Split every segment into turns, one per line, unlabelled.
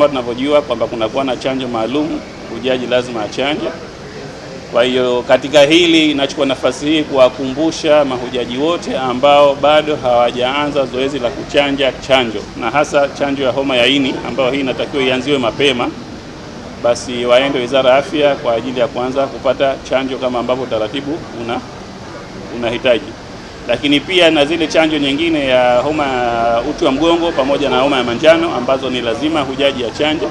Kama tunavyojua kwamba kunakuwa na chanjo maalum, hujaji lazima achanje. Kwa hiyo katika hili inachukua nafasi hii kuwakumbusha mahujaji wote ambao bado hawajaanza zoezi la kuchanja chanjo, na hasa chanjo ya homa ya ini ambayo hii inatakiwa ianziwe mapema, basi waende Wizara ya Afya kwa ajili ya kuanza kupata chanjo kama ambavyo utaratibu una unahitaji lakini pia na zile chanjo nyingine ya homa ya uti wa mgongo pamoja na homa ya manjano ambazo ni lazima hujaji ya chanjo.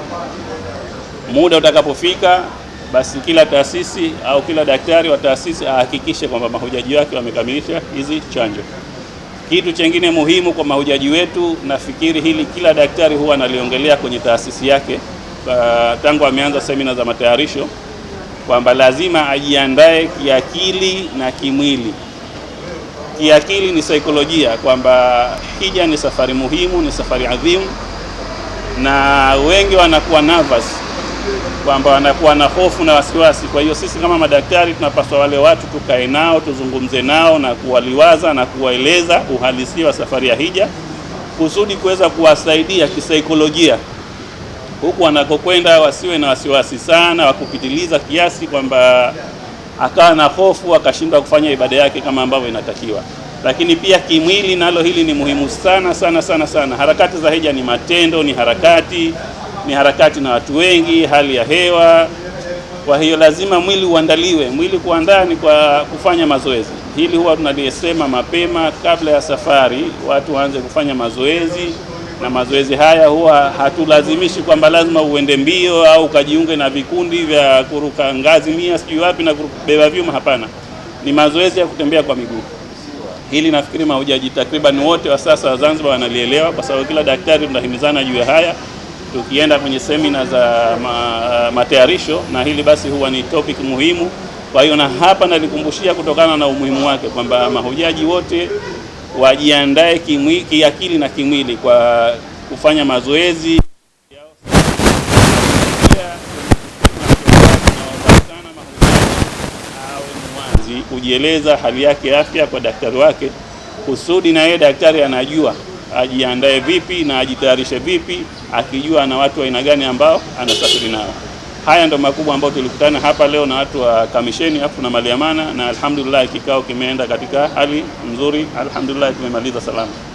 Muda utakapofika, basi kila taasisi au kila daktari wa taasisi ahakikishe kwamba mahujaji wake wamekamilisha hizi chanjo. Kitu chengine muhimu kwa mahujaji wetu, nafikiri hili kila daktari huwa analiongelea kwenye taasisi yake tangu ameanza semina za matayarisho, kwamba lazima ajiandae kiakili na kimwili kiakili ni saikolojia kwamba hija ni safari muhimu, ni safari adhimu, na wengi wanakuwa nervous kwamba wanakuwa na hofu na wasiwasi. Kwa hiyo sisi kama madaktari tunapaswa wale watu tukae nao, tuzungumze nao na kuwaliwaza na kuwaeleza uhalisia wa safari ya hija kusudi kuweza kuwasaidia kisaikolojia huku wanakokwenda, wasiwe na wasiwasi sana wa kupitiliza kiasi kwamba akawa na hofu akashindwa kufanya ibada yake kama ambavyo inatakiwa. Lakini pia kimwili, nalo hili ni muhimu sana sana sana sana. Harakati za hija ni matendo, ni harakati, ni harakati na watu wengi, hali ya hewa. Kwa hiyo lazima mwili uandaliwe. Mwili kuandaa ni kwa kufanya mazoezi. Hili huwa tunalisema mapema, kabla ya safari watu waanze kufanya mazoezi na mazoezi haya huwa hatulazimishi kwamba lazima uende mbio au ukajiunge na vikundi vya kuruka ngazi mia sijui wapi na kubeba vyuma. Hapana, ni mazoezi ya kutembea kwa miguu. Hili nafikiri mahujaji takriban wote wa sasa wa Zanzibar wanalielewa, kwa sababu kila daktari tunahimizana juu ya haya tukienda kwenye semina za ma, matayarisho na hili basi huwa ni topic muhimu. Kwa hiyo na hapa nalikumbushia kutokana na umuhimu wake kwamba mahujaji wote wajiandae kiakili na kimwili kwa kufanya mazoezi kujieleza hali yake afya kwa daktari wake, kusudi na yeye daktari anajua ajiandae vipi na ajitayarishe vipi, akijua ana watu aina gani ambao anasafiri nao. Haya ndo makubwa ambayo tulikutana hapa leo na watu wa kamisheni afu na maliamana, na alhamdulillah kikao kimeenda katika hali nzuri, alhamdulillah tumemaliza salama.